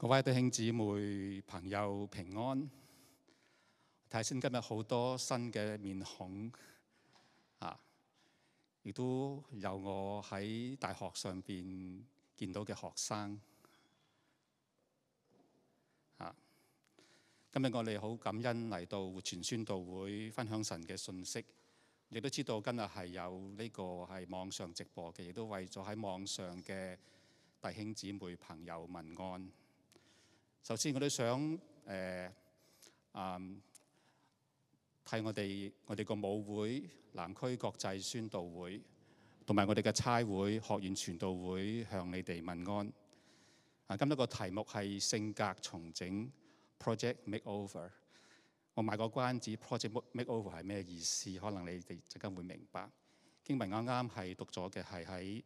各位弟兄姊妹、朋友平安。睇先，今日好多新嘅面孔啊！亦都有我喺大學上邊見到嘅學生啊。今日我哋好感恩嚟到活泉宣道會分享神嘅信息，亦都知道今日係有呢個係網上直播嘅，亦都為咗喺網上嘅弟兄姊妹朋友問安。首先我、呃嗯我，我都想誒啊替我哋我哋個母會南區國際宣道會同埋我哋嘅差會學院傳道會向你哋問安啊。今日個題目係性格重整 Project Makeover。我賣個關子，Project Makeover 係咩意思？可能你哋陣間會明白。經文啱啱係讀咗嘅係喺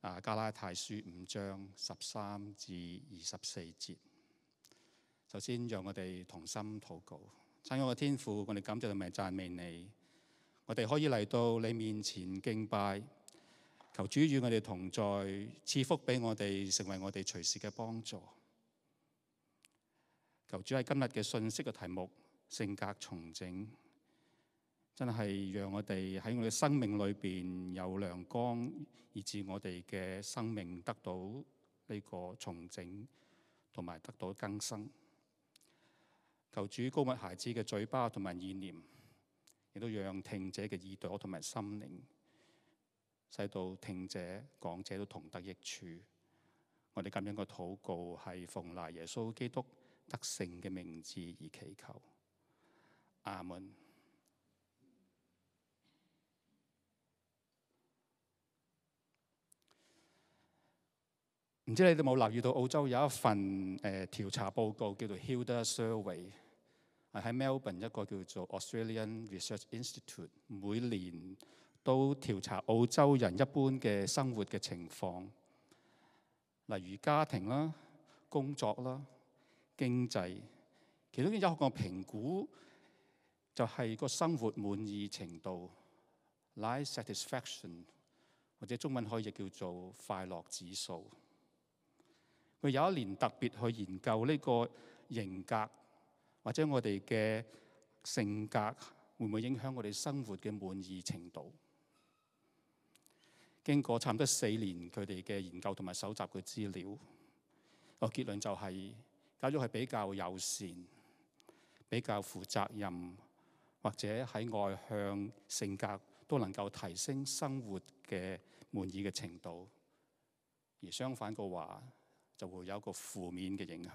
啊加拉太書五章十三至二十四節。首先，讓我哋同心禱告，讚我嘅天父。我哋感謝你，讚美你。我哋可以嚟到你面前敬拜，求主與我哋同在，賜福俾我哋，成為我哋隨時嘅幫助。求主喺今日嘅信息嘅題目《性格重整》，真係讓我哋喺我哋生命裏面有亮光，以致我哋嘅生命得到呢個重整，同埋得到更新。求主高密孩子嘅嘴巴同埋意念，亦都讓聽者嘅耳朵同埋心靈，使到聽者、講者都同得益處。我哋咁樣嘅禱告係奉賴耶穌基督得勝嘅名字而祈求。阿門。唔知你哋有冇留意到澳洲有一份誒、呃、調查報告叫做 Hilda Survey。喺 Melbourne 一個叫做 Australian Research Institute，每年都調查澳洲人一般嘅生活嘅情況，例如家庭啦、工作啦、經濟，其中有一個評估，就係個生活滿意程度 （life satisfaction） 或者中文可以叫做快樂指數。佢有一年特別去研究呢個型格。或者我哋嘅性格會唔會影響我哋生活嘅滿意程度？經過差唔多四年佢哋嘅研究同埋搜集嘅資料，個結論就係、是，假如係比較友善、比較負責任，或者喺外向性格都能夠提升生活嘅滿意嘅程度；而相反嘅話，就會有一個負面嘅影響。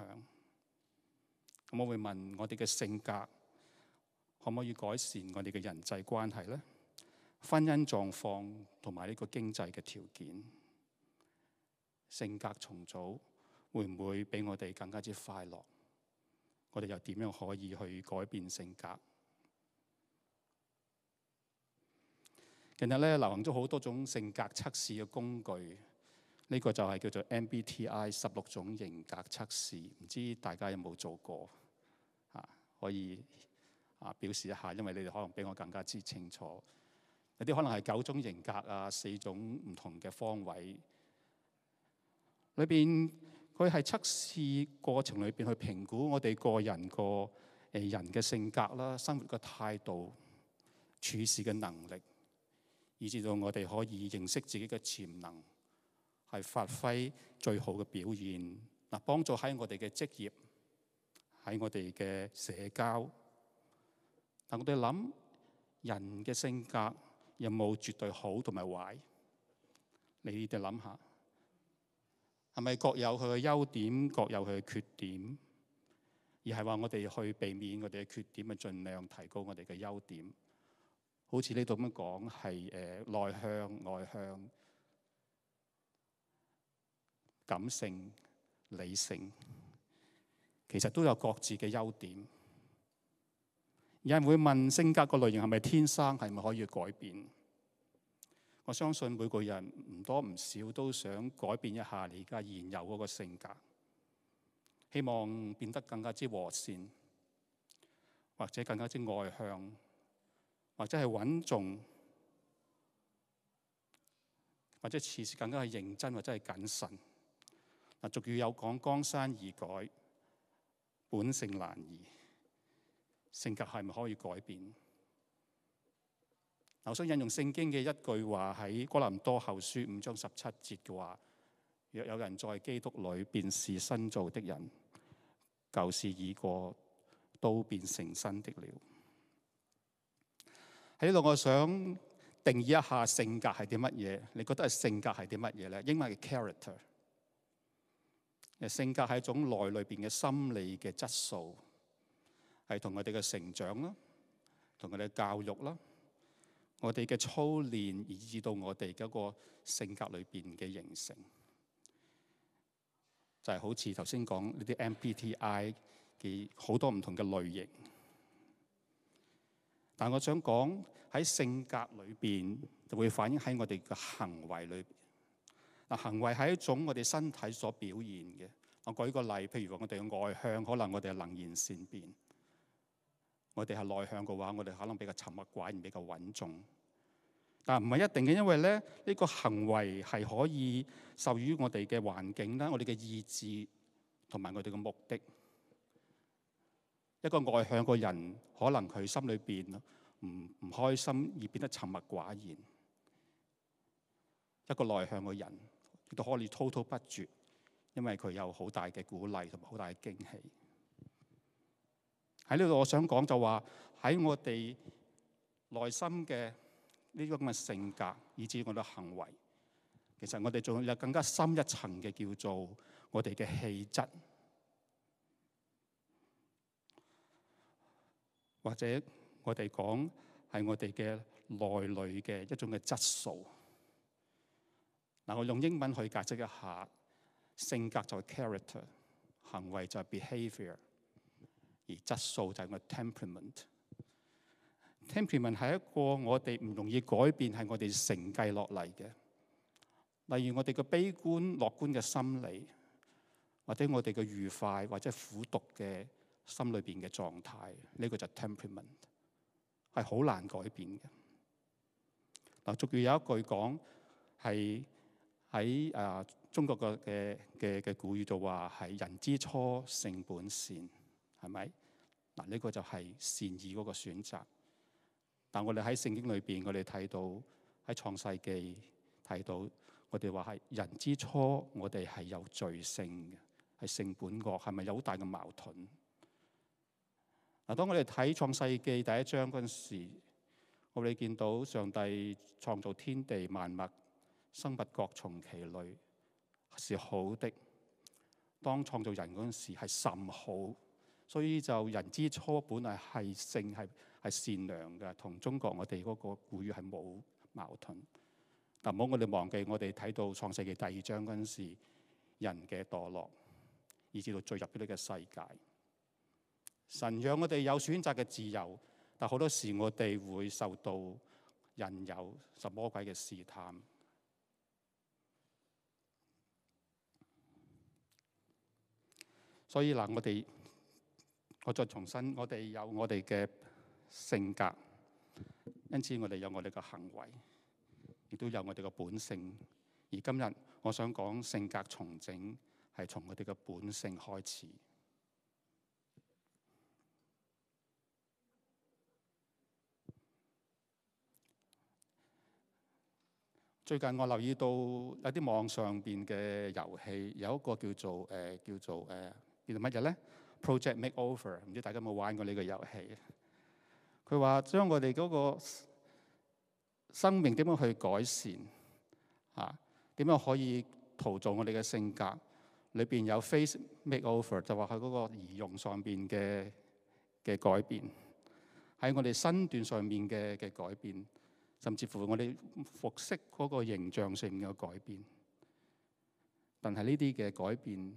咁我會問我哋嘅性格可唔可以改善我哋嘅人際關係咧？婚姻狀況同埋呢個經濟嘅條件，性格重組會唔會俾我哋更加之快樂？我哋又點樣可以去改變性格？近日咧流行咗好多種性格測試嘅工具，呢、呢個就係叫做 MBTI 十六種型格測試，唔知大家有冇做過？可以啊，表示一下，因為你哋可能比我更加之清楚。有啲可能係九種型格啊，四種唔同嘅方位。裏邊，佢係測試過程裏邊去評估我哋個人個誒人嘅性格啦、生活嘅態度、處事嘅能力，以至到我哋可以認識自己嘅潛能，係發揮最好嘅表現，嗱，幫助喺我哋嘅職業。喺我哋嘅社交，但我哋諗人嘅性格有冇絕對好同埋壞？你哋諗下，係咪各有佢嘅優點，各有佢嘅缺點？而係話我哋去避免我哋嘅缺點，咪盡量提高我哋嘅優點。好似呢度咁樣講，係誒、呃、內向、外向、感性、理性。其實都有各自嘅優點。有人會問，性格個類型係咪天生，係咪可以改變？我相信每個人唔多唔少都想改變一下，你而家現有嗰個性格，希望變得更加之和善，或者更加之外向，或者係穩重，或者似更加係認真，或者係謹慎。嗱，俗語有講江山易改，本性難移，性格係咪可以改變？我想引用聖經嘅一句話喺哥林多後書五章十七節嘅話：若有人在基督裏，便是新造的人，舊事已過，都變成新的了。喺度，我想定義一下性格係啲乜嘢？你覺得係性格係啲乜嘢咧？英文嘅 character。誒，性格係一種內裏邊嘅心理嘅質素，係同我哋嘅成長啦，同我哋嘅教育啦，我哋嘅操練以至到我哋嗰個性格裏邊嘅形成，就係好似頭先講呢啲 MBTI 嘅好多唔同嘅類型。但我想講喺性格裏邊就會反映喺我哋嘅行為裏。嗱，行為係一種我哋身體所表現嘅。我舉個例，譬如話我哋嘅外向，可能我哋係能言善辯；我哋係內向嘅話，我哋可能比較沉默寡言，比較穩重。但唔係一定嘅，因為咧呢個行為係可以受於我哋嘅環境啦、我哋嘅意志同埋我哋嘅目的。一個外向嘅人，可能佢心裏邊唔唔開心而變得沉默寡言；一個內向嘅人，都可以滔滔不絕，因為佢有好大嘅鼓勵同埋好大嘅驚喜。喺呢度，我想講就話喺我哋內心嘅呢種咁嘅性格，以至我哋行為，其實我哋仲有更加深一層嘅叫做我哋嘅氣質，或者我哋講係我哋嘅內裡嘅一種嘅質素。嗱，我用英文去解釋一下，性格就係 character，行為就係 behavior，而質素就係我 temperament。temperament 係一個我哋唔容易改變，係我哋承繼落嚟嘅。例如我哋嘅悲觀、樂觀嘅心理，或者我哋嘅愉快或者苦毒嘅心裏邊嘅狀態，呢個就係 temperament 係好難改變嘅。嗱，俗語有一句講係。是喺啊，中國嘅嘅嘅古語就話係人之初，性本善，係咪？嗱、這、呢個就係善意嗰個選擇。但我哋喺聖經裏邊，我哋睇到喺創世記睇到，我哋話係人之初，我哋係有罪性嘅，係性本惡，係咪有好大嘅矛盾？嗱，當我哋睇創世記第一章嗰陣時，我哋見到上帝創造天地萬物。生物各從其類，是好的。當創造人嗰陣時係甚好，所以就人之初本嚟係性係係善良嘅，同中國我哋嗰個古語係冇矛盾。但唔好我哋忘記，我哋睇到創世記第二章嗰陣時，人嘅墮落，以至到罪入呢個世界。神讓我哋有選擇嘅自由，但好多時我哋會受到人有神魔鬼嘅試探。所以嗱，我哋我再重新，我哋有我哋嘅性格，因此我哋有我哋嘅行為，亦都有我哋嘅本性。而今日我想講性格重整，係從我哋嘅本性開始。最近我留意到有啲網上邊嘅遊戲，有一個叫做誒、呃、叫做誒。呃做乜嘢咧？Project Makeover，唔知大家有冇玩過呢個遊戲？佢話將我哋嗰個生命點樣去改善吓，點樣可以陶造我哋嘅性格？裏邊有 Face Makeover，就話佢嗰個儀容上邊嘅嘅改變，喺我哋身段上面嘅嘅改變，甚至乎我哋服飾嗰個形象上面嘅改變。但係呢啲嘅改變。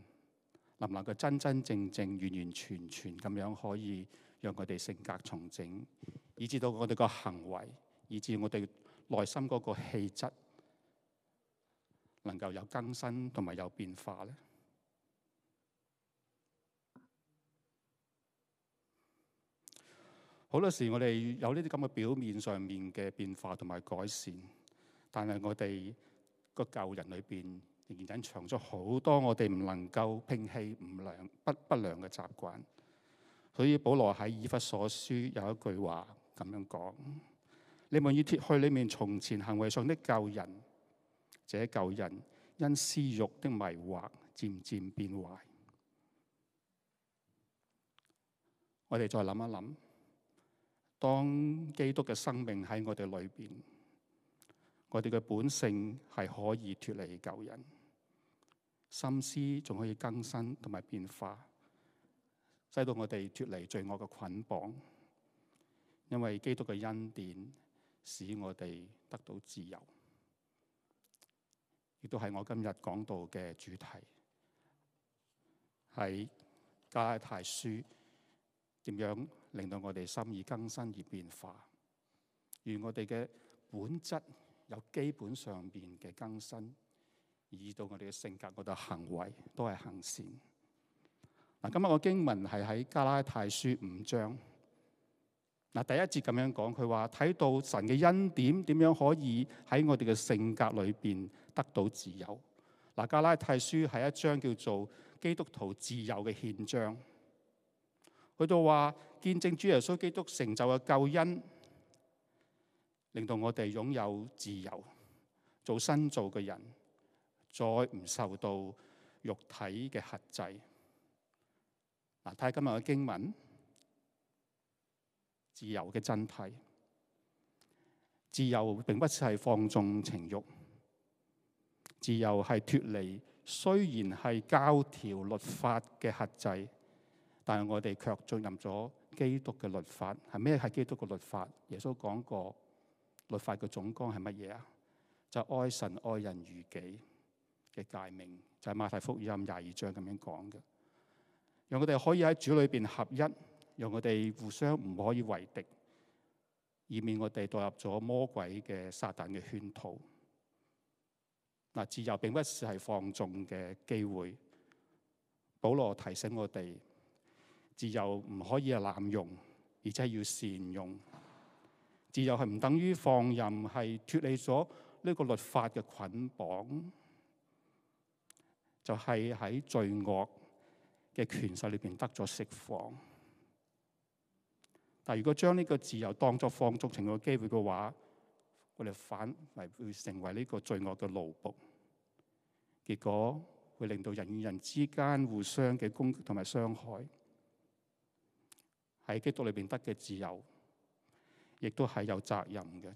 能唔能夠真真正正、完完全全咁樣可以讓佢哋性格重整，以至到我哋個行為，以至我哋內心嗰個氣質能夠有更新同埋有變化咧？好多時我哋有呢啲咁嘅表面上面嘅變化同埋改善，但係我哋個舊人裏邊。仍然隱藏咗好多，我哋唔能夠摒棄唔良不不良嘅習慣。所以保羅喺以弗所書有一句話咁樣講：，你們要脱去裏面從前行為上的舊人，這舊人因私欲的迷惑漸漸變壞。我哋再諗一諗，當基督嘅生命喺我哋裏邊，我哋嘅本性係可以脱離舊人。心思仲可以更新同埋變化，使到我哋脫離罪惡嘅捆綁，因為基督嘅恩典使我哋得到自由，亦都係我今日講道嘅主題，係加拉太書點樣令到我哋心意更新而變化，與我哋嘅本質有基本上面嘅更新。以到我哋嘅性格，我哋行為都係行善。嗱，今日我經文係喺加拉太書五章。嗱，第一節咁樣講，佢話睇到神嘅恩典，點樣可以喺我哋嘅性格裏邊得到自由？嗱，加拉太書係一張叫做基督徒自由嘅憲章。佢就話見證主耶穌基督成就嘅救恩，令到我哋擁有自由，做新造嘅人。再唔受到肉體嘅限制。嗱，睇下今日嘅經文，自由嘅真諦，自由並不是係放縱情慾，自由係脱離。雖然係教條律法嘅限制，但係我哋卻進入咗基督嘅律法。係咩？係基督嘅律法？耶穌講過律法嘅總綱係乜嘢啊？就是愛神愛人如己。嘅誡命就係、是、馬太福音廿二章咁樣講嘅，讓我哋可以喺主裏邊合一，讓我哋互相唔可以為敵，以免我哋墮入咗魔鬼嘅撒旦嘅圈套。嗱，自由並不是係放縱嘅機會。保羅提醒我哋，自由唔可以係濫用，而且係要善用。自由係唔等於放任，係脱離咗呢個律法嘅捆綁。就係、是、喺罪惡嘅權勢裏面得咗釋放，但如果將呢個自由當作放縱情嘅機會嘅話，我哋反為會成為呢個罪惡嘅奴僕，結果會令到人與人之間互相嘅攻擊同埋傷害。喺基督裏面得嘅自由，亦都係有責任嘅，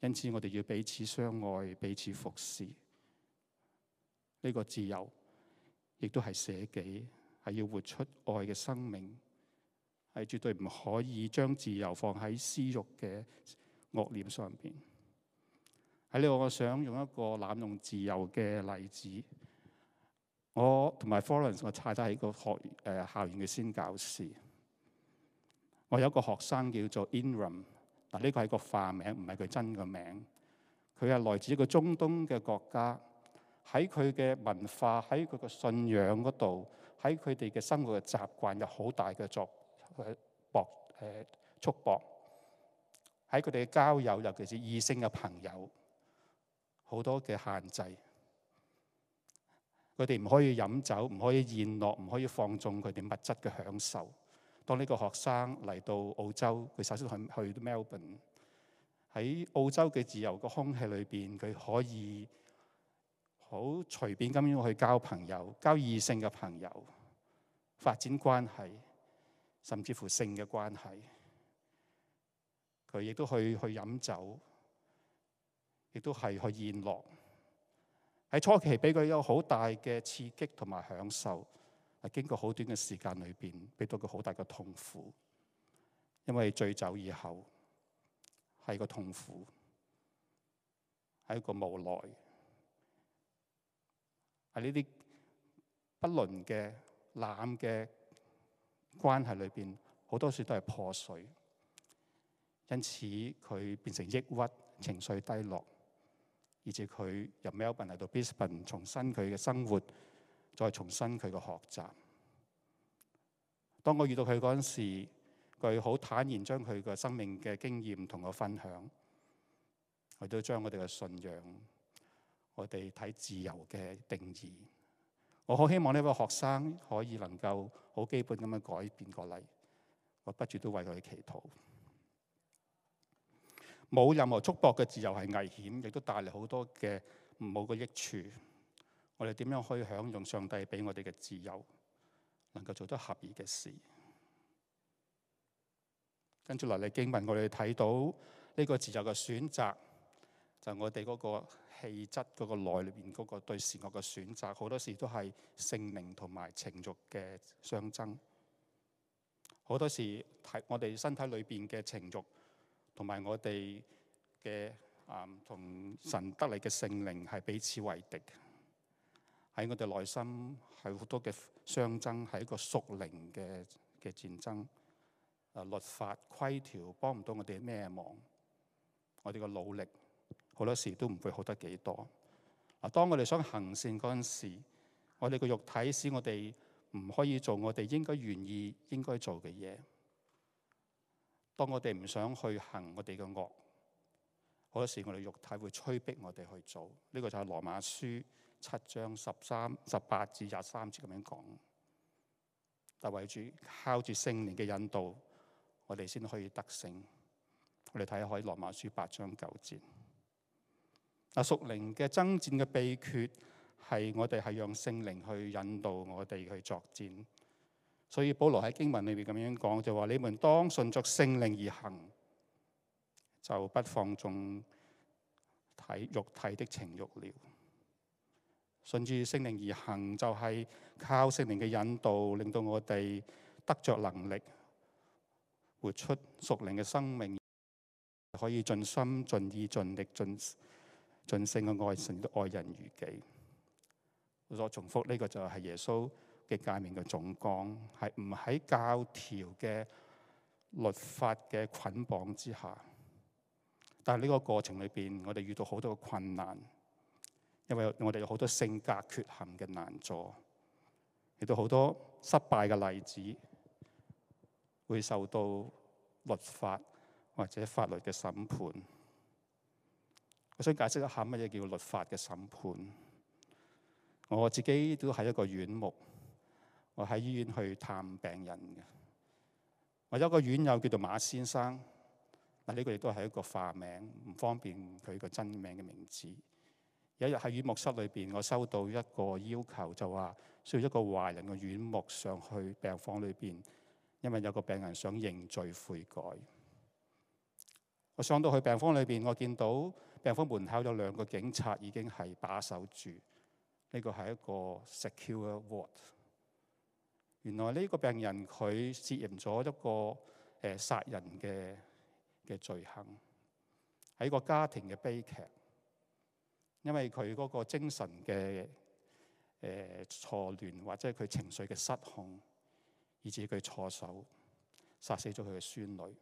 因此我哋要彼此相愛，彼此服侍。呢、這個自由，亦都係捨己，係要活出愛嘅生命，係絕對唔可以將自由放喺私欲嘅惡念上邊。喺呢個，我想用一個濫用自由嘅例子。我同埋 Florence 我太太喺個學誒、呃、校園嘅宣教士，我有一個學生叫做 Inram，嗱呢個係個化名，唔係佢真個名。佢係來自一個中東嘅國家。喺佢嘅文化，喺佢嘅信仰嗰度，喺佢哋嘅生活嘅習慣有好大嘅作誒搏誒束縛。喺佢哋嘅交友，尤其是異性嘅朋友，好多嘅限制。佢哋唔可以飲酒，唔可以宴樂，唔可以放縱佢哋物質嘅享受。當呢個學生嚟到澳洲，佢首先去去 Melbourne，喺澳洲嘅自由嘅空氣裏邊，佢可以，好隨便咁樣去交朋友，交異性嘅朋友，發展關係，甚至乎性嘅關係。佢亦都去去飲酒，亦都係去宴樂。喺初期俾佢有好大嘅刺激同埋享受，係經過好短嘅時間裏邊，俾到佢好大嘅痛苦。因為醉酒以後係個痛苦，係一個無奈。喺呢啲不倫嘅濫嘅關係裏邊，好多時都係破碎，因此佢變成抑鬱、情緒低落，以至佢由 Melbourne 嚟到 Brisbane 重新佢嘅生活，再重新佢嘅學習。當我遇到佢嗰陣時，佢好坦然將佢嘅生命嘅經驗同我分享，佢都將我哋嘅信仰。我哋睇自由嘅定義，我好希望呢位學生可以能夠好基本咁樣改變過嚟。我不住都為佢哋祈禱，冇任何束縛嘅自由係危險，亦都帶嚟好多嘅唔好嘅益處。我哋點樣可以享用上帝俾我哋嘅自由，能夠做得合意嘅事？跟住嚟嘅經文，我哋睇到呢個自由嘅選擇，就我哋嗰個氣質嗰個內裏邊嗰個對善惡嘅選擇，好多時都係聖靈同埋情慾嘅相爭。好多時睇我哋身體裏邊嘅情慾，同埋我哋嘅誒同神得嚟嘅聖靈係彼此為敵。喺我哋內心係好多嘅相爭，係一個屬靈嘅嘅戰爭。誒，律法規條幫唔到我哋咩忙？我哋嘅努力。好多時都唔會好得幾多。嗱，當我哋想行善嗰陣時，我哋個肉體使我哋唔可以做我哋應該願意應該做嘅嘢。當我哋唔想去行我哋嘅惡，好多時我哋肉體會催逼我哋去做，呢個就係羅馬書七章十三十八至廿三節咁樣講。但為住靠住聖靈嘅引導，我哋先可以得勝。我哋睇下可以羅馬書八章九節。嗱，屬靈嘅爭戰嘅秘訣係我哋係用聖靈去引導我哋去作戰，所以保羅喺經文裏面咁樣講就話：你們當順着聖靈而行，就不放縱體肉體的情欲了。順住聖靈而行，就係靠聖靈嘅引導，令到我哋得着能力，活出屬靈嘅生命，可以盡心、盡意、盡力、盡。盡性嘅愛神、愛人如己。我重複呢個就係耶穌嘅誡命嘅總綱，係唔喺教條嘅律法嘅捆綁之下。但係呢個過程裏邊，我哋遇到好多嘅困難，因為我哋有好多性格缺陷嘅難助，亦都好多失敗嘅例子，會受到律法或者法律嘅審判。我想解釋一下乜嘢叫律法嘅審判。我自己都係一個院牧，我喺醫院去探病人嘅。我有個院友叫做馬先生，嗱呢個亦都係一個化名，唔方便佢個真名嘅名字。有一日喺院牧室裏邊，我收到一個要求，就話需要一個華人嘅院牧上去病房裏邊，因為有個病人想認罪悔改。我上到去病房裏邊，我見到，病房門口有兩個警察已經係把守住，呢個係一個 secure ward。原來呢個病人佢涉嫌咗一個誒、欸、殺人嘅嘅罪行，係一個家庭嘅悲劇，因為佢嗰個精神嘅誒、欸、錯亂或者係佢情緒嘅失控，以致佢錯手殺死咗佢嘅孫女，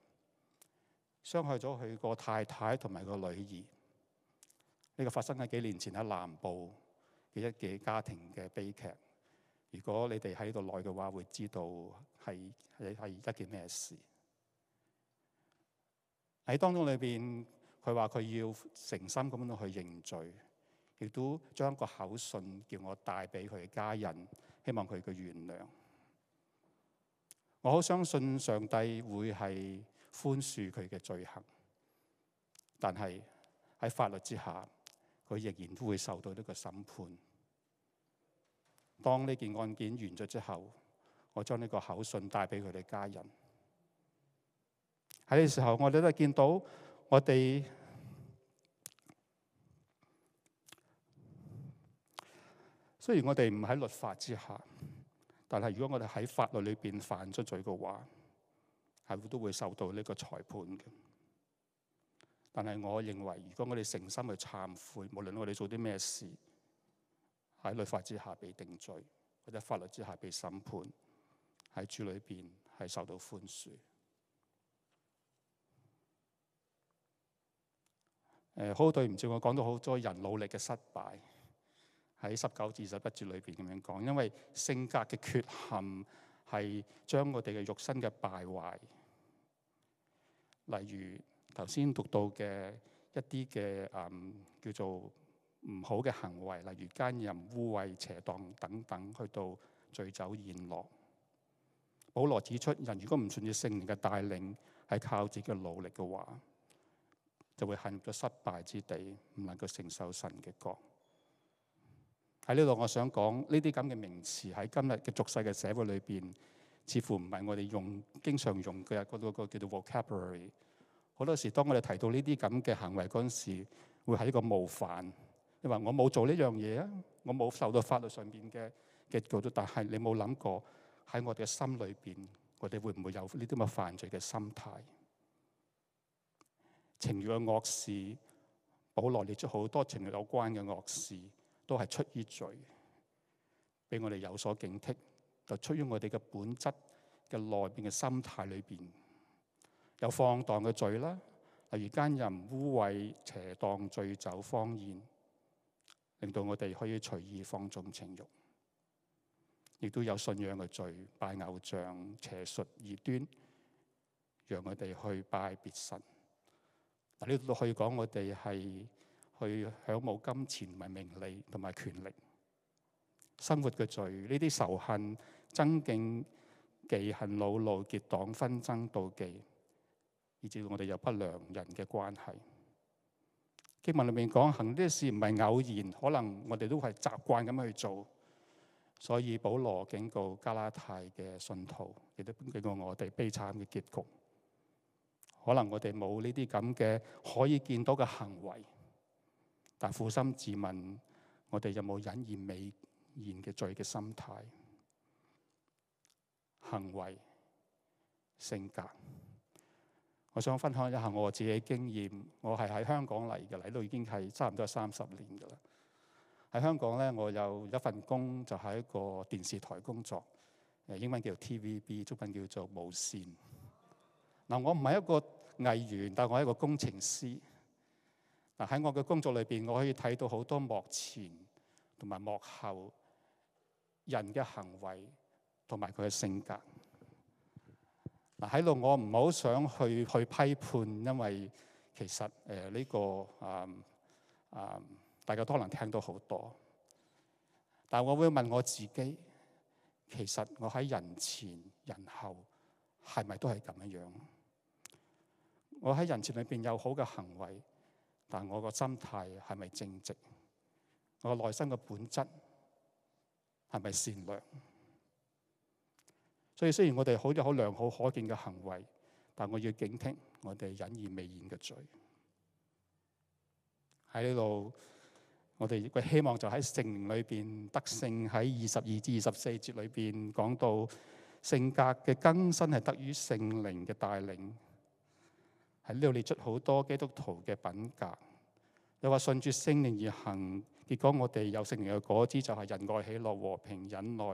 傷害咗佢個太太同埋個女兒。呢個發生喺幾年前喺南部嘅一個家庭嘅悲劇。如果你哋喺度耐嘅話，會知道係係係一件咩事。喺當中裏邊，佢話佢要誠心咁樣去認罪，亦都將個口信叫我帶俾佢嘅家人，希望佢嘅原諒。我好相信上帝會係寬恕佢嘅罪行，但係喺法律之下。佢仍然都會受到呢個審判。當呢件案件完咗之後，我將呢個口信帶俾佢哋家人。喺呢時候，我哋都見到我哋雖然我哋唔喺律法之下，但係如果我哋喺法律裏邊犯咗罪嘅話，係都會受到呢個裁判嘅。但係，我認為，如果我哋誠心去懺悔，無論我哋做啲咩事，喺律法之下被定罪，或者法律之下被審判，喺主裏邊係受到寬恕。誒、呃，好，好對唔住，我講到好多人努力嘅失敗，喺十九至二十一節裏邊咁樣講，因為性格嘅缺陷係將我哋嘅肉身嘅敗壞，例如。頭先讀到嘅一啲嘅誒叫做唔好嘅行為，例如奸淫、污穢、邪蕩等等，去到醉酒宴樂。保羅指出，人如果唔順住聖靈嘅帶領，係靠自己嘅努力嘅話，就會陷入咗失敗之地，唔能夠承受神嘅國。喺呢度，我想講呢啲咁嘅名詞喺今日嘅俗世嘅社會裏邊，似乎唔係我哋用經常用嘅嗰、嗰個嗰個叫做 vocabulary。好多時，當我哋提到呢啲咁嘅行為嗰陣時，會喺個冒犯。你話我冇做呢樣嘢啊，我冇受到法律上邊嘅嘅告咗，但係你冇諗過喺我哋嘅心裏邊，我哋會唔會有呢啲咁嘅犯罪嘅心態？情欲嘅惡事，保羅列出好多情欲有關嘅惡事，都係出於罪，俾我哋有所警惕，就出於我哋嘅本質嘅內邊嘅心態裏邊。有放蕩嘅罪啦，例如奸淫、污穢、邪蕩、醉酒、荒宴，令到我哋可以隨意放縱情慾，亦都有信仰嘅罪，拜偶像、邪術異端，讓我哋去拜別神。嗱，呢度可以講我哋係去享冇金錢同埋名利同埋權力。生活嘅罪，呢啲仇恨、爭競、忌恨、惱怒、結黨、紛爭、妒忌。以致我哋有不良人嘅關係。經文裏面講，行呢啲事唔係偶然，可能我哋都係習慣咁去做。所以保羅警告加拉太嘅信徒，亦都警告我哋悲慘嘅結局。可能我哋冇呢啲咁嘅可以見到嘅行為，但負心自問，我哋有冇隱而未現嘅罪嘅心態、行為、性格？.我想分享一下我自己嘅經驗。我係喺香港嚟嘅，嚟到已經係差唔多三十年嘅啦。喺香港咧，我有一份工就係一個電視台工作，誒，英文叫 TVB，中文叫做無線。嗱，我唔係一個藝員，但我係一個工程師。嗱，喺我嘅工作裏邊，我可以睇到好多幕前同埋幕後人嘅行為同埋佢嘅性格。喺度我唔好想去去批判，因為其實誒呢、呃這個啊啊大家都能聽到好多。但我會問我自己，其實我喺人前人後係咪都係咁樣樣？我喺人前裏邊有好嘅行為，但我個心態係咪正直？我個內心嘅本質係咪善良？所以雖然我哋好有好良好可見嘅行為，但我要警惕我哋隱而未然嘅罪。喺呢度，我哋亦希望就喺聖靈裏邊得勝。喺二十二至二十四節裏邊講到性格嘅更新係得於聖靈嘅帶領。喺呢度列出好多基督徒嘅品格。又話順住聖靈而行，結果我哋有聖靈嘅果子就係仁愛、喜樂、和平、忍耐。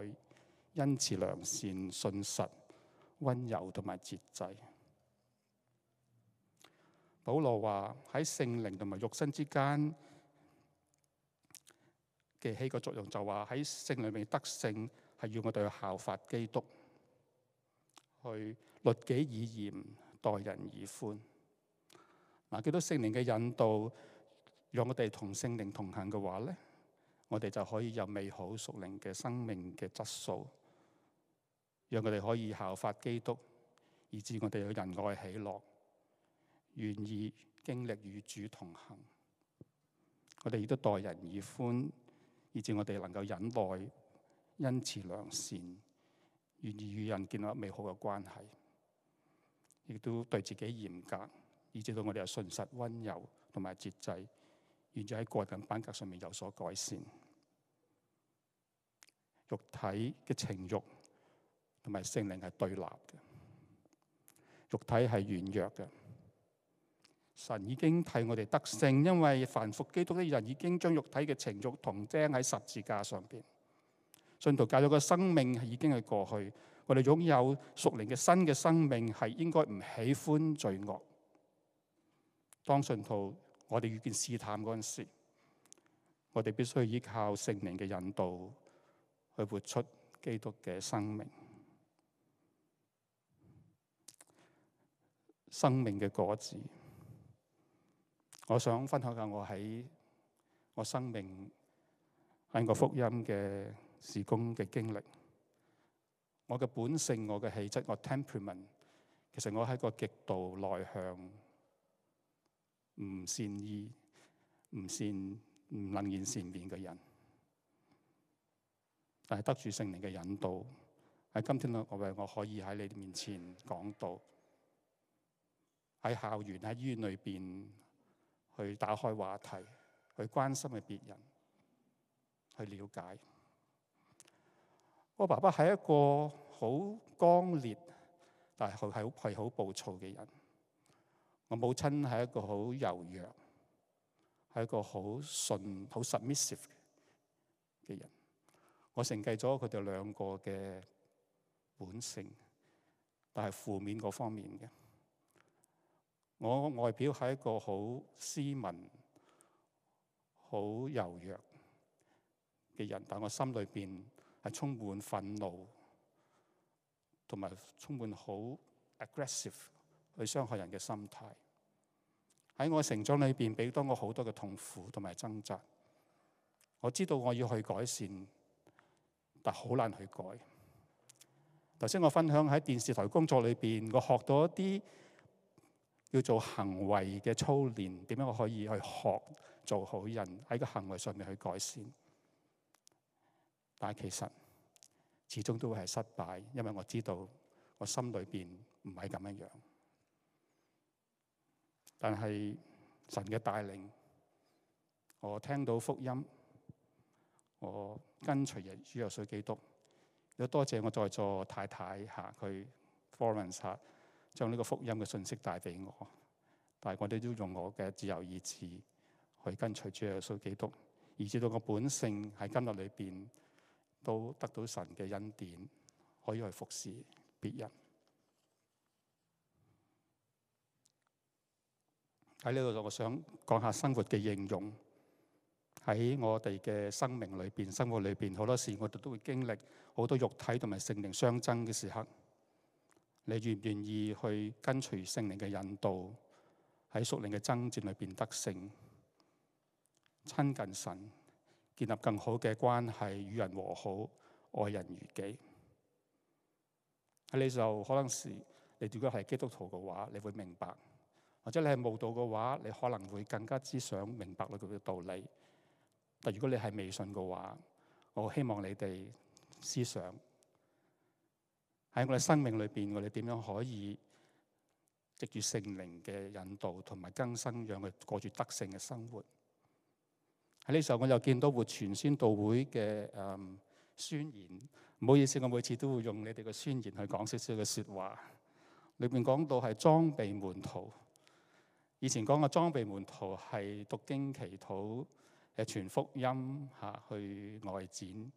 因慈、良善、信實、溫柔同埋節制。保羅話喺聖靈同埋肉身之間嘅起個作用就，就話喺聖裏面得勝，係要我哋去效法基督，去律己以嚴，待人以寬。嗱，基督聖靈嘅引導，讓我哋同聖靈同行嘅話咧，我哋就可以有美好屬靈嘅生命嘅質素。讓佢哋可以效法基督，以致我哋有仁愛喜樂，願意經歷與主同行。我哋亦都待人以寬，以致我哋能夠忍耐、恩慈、良善，願意與人建立美好嘅關係。亦都對自己嚴格，以致到我哋係信實、溫柔同埋節制，願意喺個人品格上面有所改善。肉體嘅情欲。同埋聖靈係對立嘅，肉體係軟弱嘅。神已經替我哋得勝，因為凡屬基督嘅人已經將肉體嘅情慾同釘喺十字架上邊。信徒教咗個生命已經係過去，我哋擁有屬靈嘅新嘅生命，係應該唔喜歡罪惡。當信徒我哋遇見試探嗰陣時，我哋必須依靠聖靈嘅引導去活出基督嘅生命。生命嘅果子，我想分享下我喺我生命喺個福音嘅事工嘅經歷。我嘅本性，我嘅氣質，我 temperament，其實我係一個極度內向、唔善意、唔善、唔能言善辯嘅人。但係得住聖靈嘅引導，喺今天咧，我為我可以喺你面前講道。喺校園、喺醫院裏邊，去打開話題，去關心嘅別人，去了解。我爸爸係一個好剛烈，但係佢係係好暴躁嘅人。我母親係一個好柔弱，係一個好順、好 submissive 嘅人。我承繼咗佢哋兩個嘅本性，但係負面嗰方面嘅。我外表係一個好斯文、好柔弱嘅人，但我心裏面係充滿憤怒，同埋充滿好 aggressive 去傷害人嘅心態。喺我成長裏面，俾到我好多嘅痛苦同埋掙扎。我知道我要去改善，但好難去改。頭先我分享喺電視台工作裏面，我學到一啲。要做行為嘅操練，點樣我可以去學做好人喺個行為上面去改善？但係其實始終都係失敗，因為我知道我心裏邊唔係咁樣樣。但係神嘅帶領，我聽到福音，我跟隨人主耶穌基督。要多謝我在座太太吓佢 Florence。將呢個福音嘅信息帶俾我，但係我哋都用我嘅自由意志去跟隨主耶穌基督，以至到我本性喺今日裏邊都得到神嘅恩典，可以去服侍別人。喺呢度，我想講下生活嘅應用，喺我哋嘅生命裏邊、生活裏邊，好多時我哋都會經歷，好多肉體同埋聖靈相爭嘅時刻。你願唔願意去跟隨聖靈嘅引導，喺屬靈嘅爭戰裏邊得勝，親近神，建立更好嘅關係，與人和好，愛人如己？你就可能是你如果係基督徒嘅話，你會明白；或者你係慕道嘅話，你可能會更加之想明白呢句嘅道理。但如果你係未信嘅話，我希望你哋思想。喺我哋生命裏邊，我哋點樣可以藉住聖靈嘅引導同埋更新，讓佢過住得勝嘅生活？喺呢時候，我又見到活傳宣道會嘅誒宣言。唔好意思，我每次都會用你哋嘅宣言去講少少嘅說話。裏邊講到係裝備門徒，以前講嘅裝備門徒係讀經祈禱、祈禱、誒傳福音吓去外展。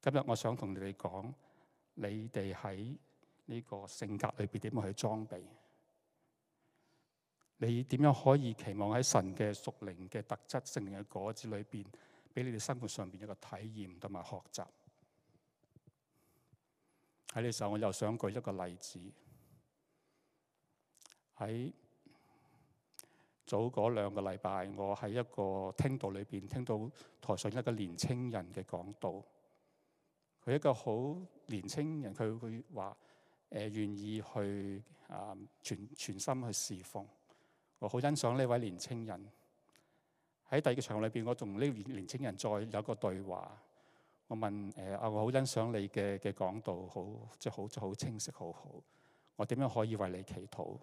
今日我想同你哋講。你哋喺呢個性格裏邊點樣去裝備？你點樣可以期望喺神嘅屬靈嘅特質、聖靈嘅果子裏邊，俾你哋生活上邊一個體驗同埋學習？喺呢時候，我又想舉一個例子。喺早嗰兩個禮拜，我喺一個聽道裏邊聽到台上一個年青人嘅講道。佢一個好年青人，佢佢話誒願意去啊、呃、全全心去侍奉，我好欣賞呢位年青人。喺第二個場合裏邊，我同呢位年青人再有一個對話。我問誒、呃，我好欣賞你嘅嘅講道，好即係好好清晰，好好。我點樣可以為你祈禱？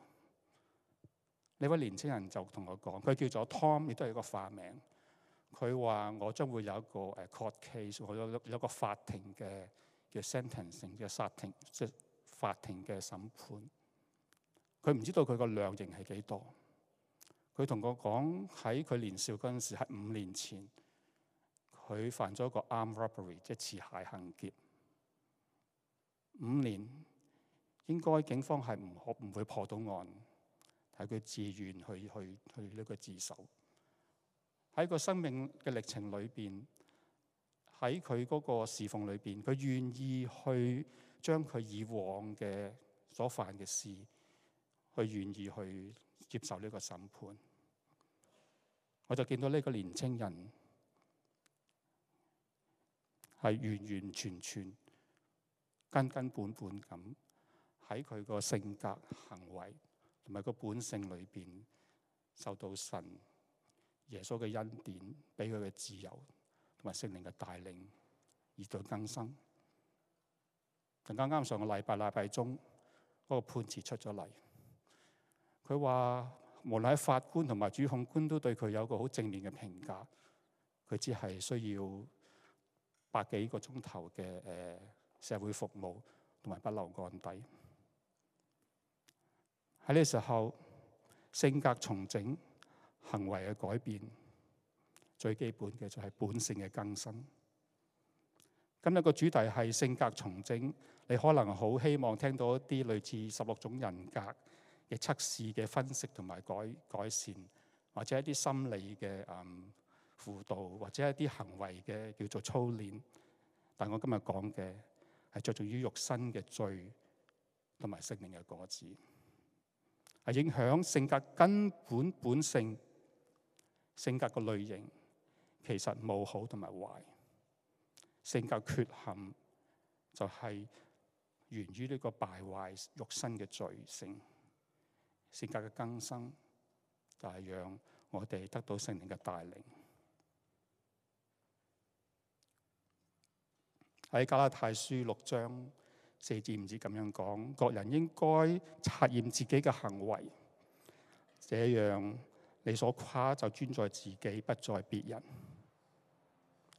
呢位年青人就同我講，佢叫做 Tom，亦都係一個化名。佢話：我將會有一個誒 court case，我有有個法庭嘅叫 sentencing，嘅法庭，即法庭嘅審判。佢唔知道佢個量刑係幾多。佢同我講喺佢年少嗰陣時喺五年前，佢犯咗一個 armed robbery，即持械行劫。五年應該警方係唔可唔會破到案，係佢自願去去去呢個自首。喺個生命嘅歷程裏邊，喺佢嗰個侍奉裏邊，佢願意去將佢以往嘅所犯嘅事，去願意去接受呢個審判。我就見到呢個年青人係完完全全根根本本咁喺佢個性格行為同埋個本性裏邊受到神。耶穌嘅恩典，俾佢嘅自由同埋聖靈嘅帶領而再更新。更加啱上個禮拜禮拜中嗰、那個判詞出咗嚟，佢話無論喺法官同埋主控官都對佢有一個好正面嘅評價，佢只係需要百幾個鐘頭嘅誒社會服務同埋不留案底。喺呢時候性格重整。行為嘅改變，最基本嘅就係本性嘅更新。今日個主題係性格重整，你可能好希望聽到一啲類似十六種人格嘅測試嘅分析同埋改改善，或者一啲心理嘅嗯輔導，或者一啲行為嘅叫做操練。但我今日講嘅係着重於肉身嘅罪同埋性命嘅果子，係影響性格根本本性。性格嘅類型其實冇好同埋壞。性格缺陷就係源於呢個敗壞肉身嘅罪性。性格嘅更生就係讓我哋得到聖靈嘅帶領。喺加拉太書六章四節唔止咁樣講，各人應該察驗自己嘅行為，這樣，你所誇就專在自己，不在別人。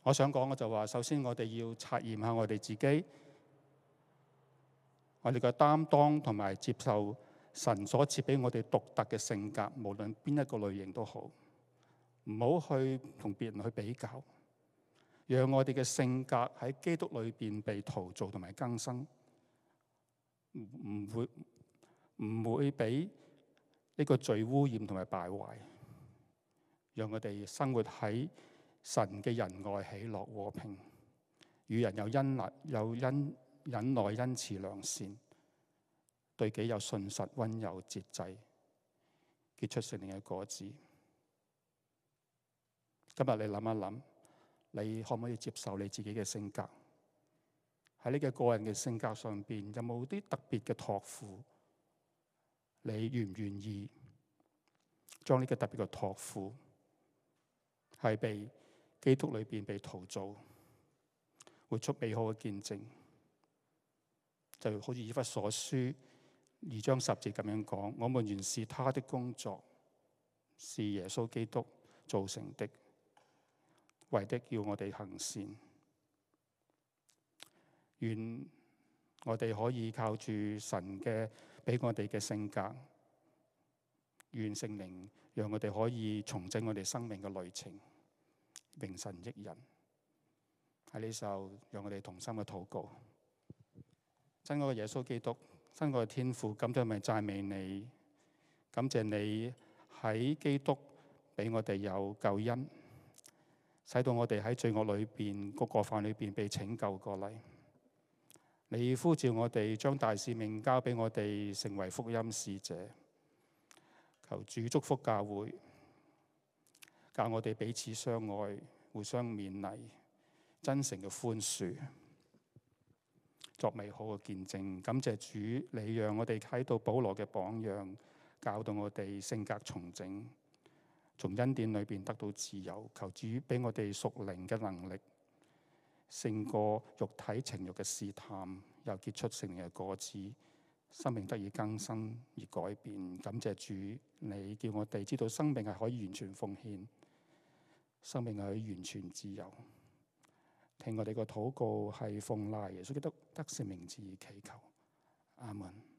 我想講嘅就話：首先我哋要察驗下我哋自己，我哋嘅擔當同埋接受神所賜俾我哋獨特嘅性格，無論邊一個類型都好，唔好去同別人去比較。讓我哋嘅性格喺基督裏邊被陶造同埋更生，唔唔會唔會俾呢個罪污染同埋敗壞。讓我哋生活喺神嘅仁愛、喜樂、和平，與人有恩納、有恩忍耐、恩慈、良善，對己有信實、温柔、節制，結出聖靈嘅果子。今日你諗一諗，你可唔可以接受你自己嘅性格？喺呢個個人嘅性格上邊，有冇啲特別嘅託付？你願唔願意將呢個特別嘅託付？係被基督裏邊被陶造，活出美好嘅見證，就好似以弗所書二章十節咁樣講：我們原是他的工作，是耶穌基督造成的，為的要我哋行善。願我哋可以靠住神嘅俾我哋嘅性格，願聖靈。讓我哋可以重整我哋生命嘅旅程，榮神益人。喺呢時候，讓我哋同心嘅禱告，親愛嘅耶穌基督，親愛嘅天父，感謝咪讚美你，感謝你喺基督俾我哋有救恩，使到我哋喺罪惡裏邊、個過犯裏邊被拯救過嚟。你呼召我哋將大使命交俾我哋，成為福音使者。求主祝福教會，教我哋彼此相愛，互相勉勵，真誠嘅寬恕，作美好嘅見證。感謝主，你讓我哋睇到保羅嘅榜樣，教導我哋性格重整，從恩典裏邊得到自由。求主俾我哋屬靈嘅能力，勝過肉體情欲嘅試探，又結出聖靈嘅果子。生命得以更新而改變，感謝主，你叫我哋知道生命係可以完全奉獻，生命係可以完全自由。聽我哋個禱告係奉賴耶穌基督得勝名字而祈求，阿門。